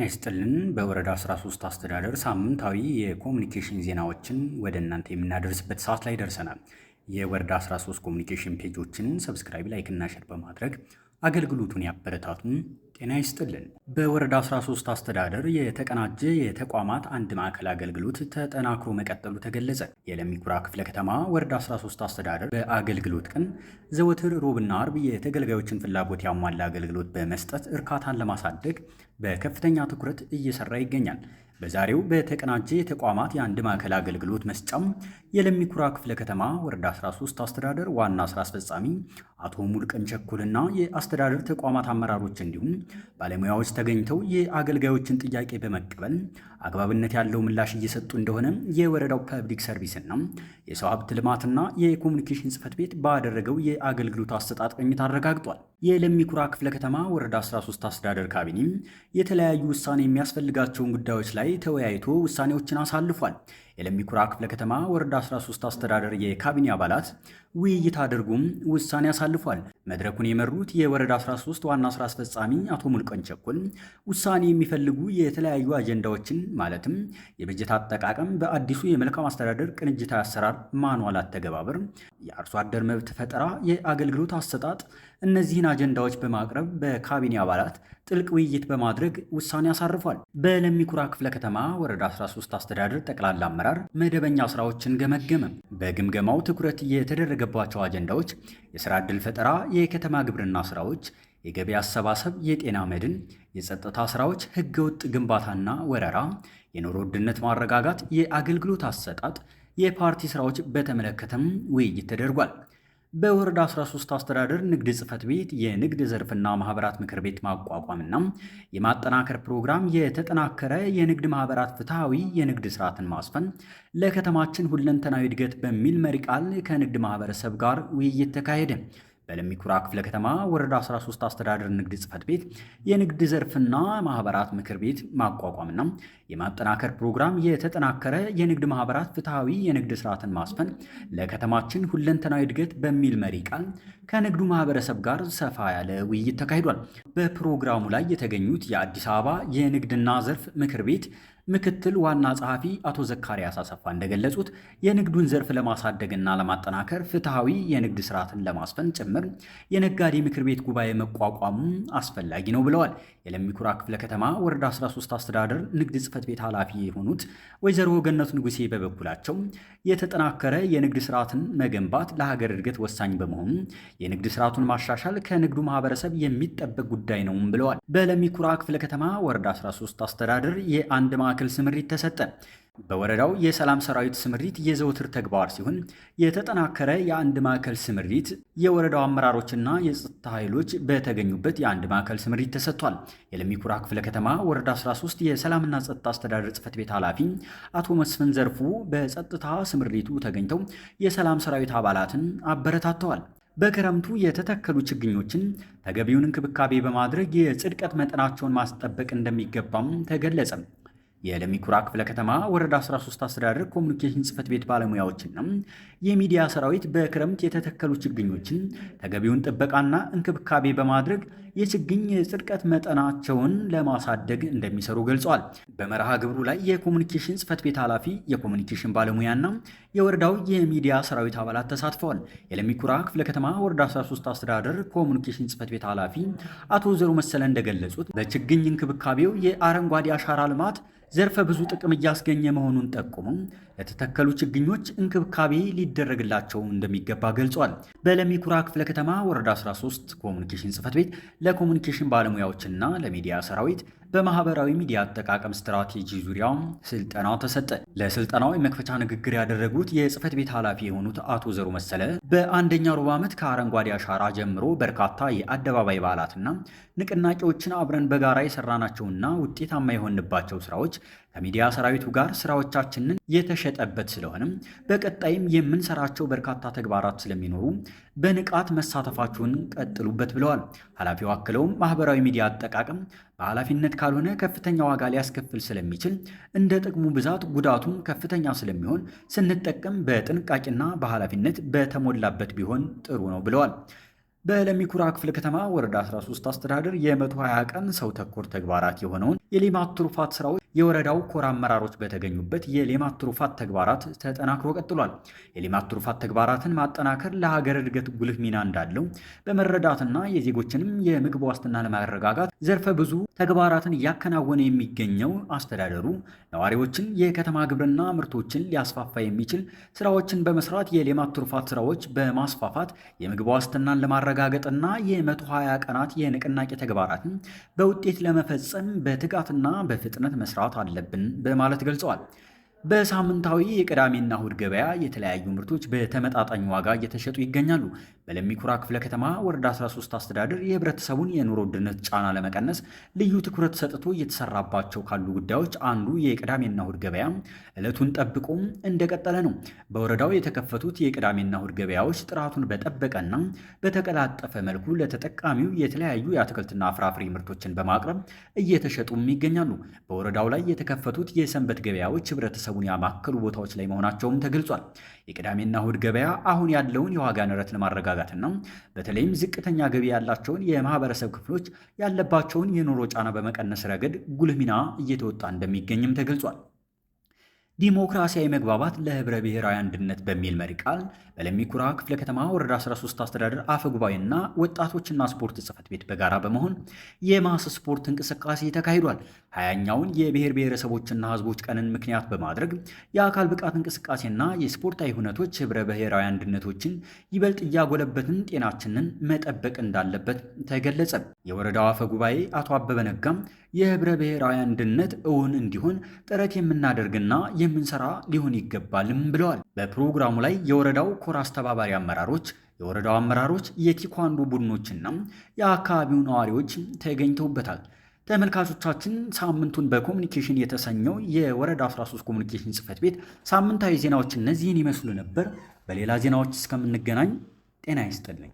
ይስጥልን በወረዳ 13 አስተዳደር ሳምንታዊ የኮሚኒኬሽን ዜናዎችን ወደ እናንተ የምናደርስበት ሰዓት ላይ ደርሰናል። የወረዳ 13 ኮሚኒኬሽን ፔጆችን ሰብስክራይብ፣ ላይክ እና ሸር በማድረግ አገልግሎቱን ያበረታቱን። ጤና ይስጥልን። በወረዳ 13 አስተዳደር የተቀናጀ የተቋማት አንድ ማዕከል አገልግሎት ተጠናክሮ መቀጠሉ ተገለጸ። የለሚኩራ ክፍለ ከተማ ወረዳ 13 አስተዳደር በአገልግሎት ቀን ዘወትር ሮብና አርብ የተገልጋዮችን ፍላጎት ያሟላ አገልግሎት በመስጠት እርካታን ለማሳደግ በከፍተኛ ትኩረት እየሰራ ይገኛል። በዛሬው በተቀናጀ የተቋማት የአንድ ማዕከል አገልግሎት መስጫም የለሚኩራ ክፍለ ከተማ ወረዳ 13 አስተዳደር ዋና ስራ አስፈጻሚ አቶ ሙልቀን ቸኩልና የአስተዳደር ተቋማት አመራሮች እንዲሁም ባለሙያዎች ተገኝተው የአገልጋዮችን ጥያቄ በመቀበል አግባብነት ያለው ምላሽ እየሰጡ እንደሆነ የወረዳው ፐብሊክ ሰርቪስና የሰው ሀብት ልማትና የኮሚኒኬሽን ጽፈት ቤት ባደረገው የአገልግሎት አሰጣጥ ቅኝት አረጋግጧል። የለሚ ኩራ ክፍለ ከተማ ወረዳ 13 አስተዳደር ካቢኔ የተለያዩ ውሳኔ የሚያስፈልጋቸውን ጉዳዮች ላይ ተወያይቶ ውሳኔዎችን አሳልፏል። የለሚኩራ ክፍለ ከተማ ወረዳ 13 አስተዳደር የካቢኔ አባላት ውይይት አድርጉም ውሳኔ አሳልፏል። መድረኩን የመሩት የወረዳ 13 ዋና ስራ አስፈጻሚ አቶ ሙልቀን ቸኮል ውሳኔ የሚፈልጉ የተለያዩ አጀንዳዎችን ማለትም የበጀት አጠቃቀም በአዲሱ የመልካም አስተዳደር ቅንጅታዊ አሰራር ማኗል አተገባበር የአርሶ አደር መብት ፈጠራ፣ የአገልግሎት አሰጣጥ፣ እነዚህን አጀንዳዎች በማቅረብ በካቢኔ አባላት ጥልቅ ውይይት በማድረግ ውሳኔ አሳርፏል። በለሚኩራ ክፍለ ከተማ ወረዳ 13 አስተዳደር ጠቅላላ አመራር መደበኛ ስራዎችን ገመገመ። በግምገማው ትኩረት የተደረገባቸው አጀንዳዎች የስራ ዕድል ፈጠራ፣ የከተማ ግብርና ስራዎች፣ የገቢ አሰባሰብ፣ የጤና መድን፣ የጸጥታ ስራዎች፣ ህገወጥ ግንባታና ወረራ፣ የኑሮ ውድነት ማረጋጋት፣ የአገልግሎት አሰጣጥ የፓርቲ ስራዎች በተመለከተም ውይይት ተደርጓል። በወረዳ 13 አስተዳደር ንግድ ጽሕፈት ቤት የንግድ ዘርፍና ማህበራት ምክር ቤት ማቋቋምና የማጠናከር ፕሮግራም የተጠናከረ የንግድ ማህበራት ፍትሐዊ የንግድ ስርዓትን ማስፈን ለከተማችን ሁለንተናዊ እድገት በሚል መሪ ቃል ከንግድ ማህበረሰብ ጋር ውይይት ተካሄደ። በለሚኩራ ክፍለ ከተማ ወረዳ 13 አስተዳደር ንግድ ጽፈት ቤት የንግድ ዘርፍና ማህበራት ምክር ቤት ማቋቋምና የማጠናከር ፕሮግራም የተጠናከረ የንግድ ማህበራት ፍትሐዊ የንግድ ስርዓትን ማስፈን ለከተማችን ሁለንተናዊ እድገት በሚል መሪ ቃል ከንግዱ ማህበረሰብ ጋር ሰፋ ያለ ውይይት ተካሂዷል። በፕሮግራሙ ላይ የተገኙት የአዲስ አበባ የንግድና ዘርፍ ምክር ቤት ምክትል ዋና ጸሐፊ አቶ ዘካሪያስ አሰፋ እንደገለጹት የንግዱን ዘርፍ ለማሳደግና ለማጠናከር ፍትሐዊ የንግድ ስርዓትን ለማስፈን ጭምር የነጋዴ ምክር ቤት ጉባኤ መቋቋሙ አስፈላጊ ነው ብለዋል። የለሚኩራ ክፍለ ከተማ ወረዳ 13 አስተዳደር ንግድ ጽህፈት ቤት ኃላፊ የሆኑት ወይዘሮ ገነቱ ንጉሴ በበኩላቸው የተጠናከረ የንግድ ስርዓትን መገንባት ለሀገር እድገት ወሳኝ በመሆኑ የንግድ ስርዓቱን ማሻሻል ከንግዱ ማህበረሰብ የሚጠበቅ ጉዳይ ነውም ብለዋል። በለሚኩራ ክፍለ ከተማ ወረዳ 13 አስተዳደር የአንድ ማዕከል ስምሪት ተሰጠ። በወረዳው የሰላም ሰራዊት ስምሪት የዘውትር ተግባር ሲሆን የተጠናከረ የአንድ ማዕከል ስምሪት የወረዳው አመራሮችና የጸጥታ ኃይሎች በተገኙበት የአንድ ማዕከል ስምሪት ተሰጥቷል። የለሚኩራ ክፍለ ከተማ ወረዳ 13 የሰላምና ጸጥታ አስተዳደር ጽፈት ቤት ኃላፊ አቶ መስፍን ዘርፉ በጸጥታ ስምሪቱ ተገኝተው የሰላም ሰራዊት አባላትን አበረታተዋል። በክረምቱ የተተከሉ ችግኞችን ተገቢውን እንክብካቤ በማድረግ የጽድቀት መጠናቸውን ማስጠበቅ እንደሚገባም ተገለጸ። የለሚ ኩራ ክፍለ ከተማ ወረዳ 13 አስተዳደር ኮሚኒኬሽን ጽህፈት ቤት ባለሙያዎችና የሚዲያ ሰራዊት በክረምት የተተከሉ ችግኞችን ተገቢውን ጥበቃና እንክብካቤ በማድረግ የችግኝ ጽድቀት መጠናቸውን ለማሳደግ እንደሚሰሩ ገልጿል። በመርሃ ግብሩ ላይ የኮሚኒኬሽን ጽህፈት ቤት ኃላፊ፣ የኮሚኒኬሽን ባለሙያና የወረዳው የሚዲያ ሰራዊት አባላት ተሳትፈዋል። የለሚ ኩራ ክፍለ ከተማ ወረዳ 13 አስተዳደር ኮሚኒኬሽን ጽህፈት ቤት ኃላፊ አቶ ዘሩ መሰለ እንደገለጹት በችግኝ እንክብካቤው የአረንጓዴ አሻራ ልማት ዘርፈ ብዙ ጥቅም እያስገኘ መሆኑን ጠቁመው ለተተከሉ ችግኞች እንክብካቤ ሊደረግላቸው እንደሚገባ ገልጿል። በለሚ ኩራ ክፍለ ከተማ ወረዳ 13 ኮሚኒኬሽን ጽህፈት ቤት ለኮሚኒኬሽን ባለሙያዎችና ለሚዲያ ሰራዊት በማህበራዊ ሚዲያ አጠቃቀም ስትራቴጂ ዙሪያ ስልጠና ተሰጠ። ለስልጠናው የመክፈቻ ንግግር ያደረጉት የጽህፈት ቤት ኃላፊ የሆኑት አቶ ዘሩ መሰለ በአንደኛ ሩብ ዓመት ከአረንጓዴ አሻራ ጀምሮ በርካታ የአደባባይ በዓላትና ንቅናቄዎችን አብረን በጋራ የሰራናቸውና ውጤታማ የሆንባቸው ስራዎች ከሚዲያ ሰራዊቱ ጋር ስራዎቻችንን የተሸጠበት ስለሆነም በቀጣይም የምንሰራቸው በርካታ ተግባራት ስለሚኖሩ በንቃት መሳተፋችሁን ቀጥሉበት ብለዋል። ኃላፊው አክለውም ማህበራዊ ሚዲያ አጠቃቀም በኃላፊነት ካልሆነ ከፍተኛ ዋጋ ሊያስከፍል ስለሚችል እንደ ጥቅሙ ብዛት ጉዳቱም ከፍተኛ ስለሚሆን ስንጠቀም በጥንቃቄና በኃላፊነት በተሞላበት ቢሆን ጥሩ ነው ብለዋል። በለሚኩራ ክፍለ ከተማ ወረዳ 13 አስተዳደር የ120 ቀን ሰው ተኮር ተግባራት የሆነውን የሌማት ትሩፋት ስራዎች የወረዳው ኮር አመራሮች በተገኙበት የሌማት ትሩፋት ተግባራት ተጠናክሮ ቀጥሏል። የሌማት ትሩፋት ተግባራትን ማጠናከር ለሀገር እድገት ጉልህ ሚና እንዳለው በመረዳትና የዜጎችንም የምግብ ዋስትና ለማረጋጋት ዘርፈ ብዙ ተግባራትን እያከናወነ የሚገኘው አስተዳደሩ ነዋሪዎችን የከተማ ግብርና ምርቶችን ሊያስፋፋ የሚችል ስራዎችን በመስራት የሌማት ትሩፋት ስራዎች በማስፋፋት የምግብ ዋስትናን ለማረጋገጥና የ120 ቀናት የንቅናቄ ተግባራትን በውጤት ለመፈጸም በትጋትና በፍጥነት መስራት መስራት አለብን በማለት ገልጸዋል። በሳምንታዊ የቅዳሜና እሁድ ገበያ የተለያዩ ምርቶች በተመጣጣኝ ዋጋ እየተሸጡ ይገኛሉ። በለሚኩራ ክፍለ ከተማ ወረዳ 13 አስተዳደር የህብረተሰቡን የኑሮ ውድነት ጫና ለመቀነስ ልዩ ትኩረት ሰጥቶ እየተሰራባቸው ካሉ ጉዳዮች አንዱ የቅዳሜና እሁድ ገበያ ዕለቱን ጠብቆ እንደቀጠለ ነው። በወረዳው የተከፈቱት የቅዳሜና እሁድ ገበያዎች ጥራቱን በጠበቀና በተቀላጠፈ መልኩ ለተጠቃሚው የተለያዩ የአትክልትና ፍራፍሬ ምርቶችን በማቅረብ እየተሸጡም ይገኛሉ። በወረዳው ላይ የተከፈቱት የሰንበት ገበያዎች ህብረተሰቡን ያማከሉ ቦታዎች ላይ መሆናቸውም ተገልጿል። የቅዳሜና እሁድ ገበያ አሁን ያለውን የዋጋ ንረት ለማረጋጋትና በተለይም ዝቅተኛ ገቢ ያላቸውን የማህበረሰብ ክፍሎች ያለባቸውን የኑሮ ጫና በመቀነስ ረገድ ጉልህ ሚና እየተወጣ እንደሚገኝም ተገልጿል። ዲሞክራሲያዊ መግባባት ለህብረ ብሔራዊ አንድነት በሚል መሪ ቃል በለሚ ኩራ ክፍለ ከተማ ወረዳ 13 አስተዳደር አፈ ጉባኤና ወጣቶችና ስፖርት ጽፈት ቤት በጋራ በመሆን የማስ ስፖርት እንቅስቃሴ ተካሂዷል። ሀያኛውን የብሔር ብሔረሰቦችና ህዝቦች ቀንን ምክንያት በማድረግ የአካል ብቃት እንቅስቃሴና የስፖርታዊ ሁነቶች ህብረ ብሔራዊ አንድነቶችን ይበልጥ እያጎለበትን ጤናችንን መጠበቅ እንዳለበት ተገለጸ። የወረዳው አፈ ጉባኤ አቶ አበበ ነጋም የህብረ ብሔራዊ አንድነት እውን እንዲሆን ጥረት የምናደርግና የምንሰራ ሊሆን ይገባልም ብለዋል። በፕሮግራሙ ላይ የወረዳው ኮር አስተባባሪ አመራሮች የወረዳው አመራሮች የቲኳንዶ ቡድኖችና የአካባቢው ነዋሪዎች ተገኝተውበታል። ተመልካቾቻችን ሳምንቱን በኮሚኒኬሽን የተሰኘው የወረዳ 13 ኮሚኒኬሽን ጽህፈት ቤት ሳምንታዊ ዜናዎች እነዚህን ይመስሉ ነበር። በሌላ ዜናዎች እስከምንገናኝ ጤና ይስጥልኝ።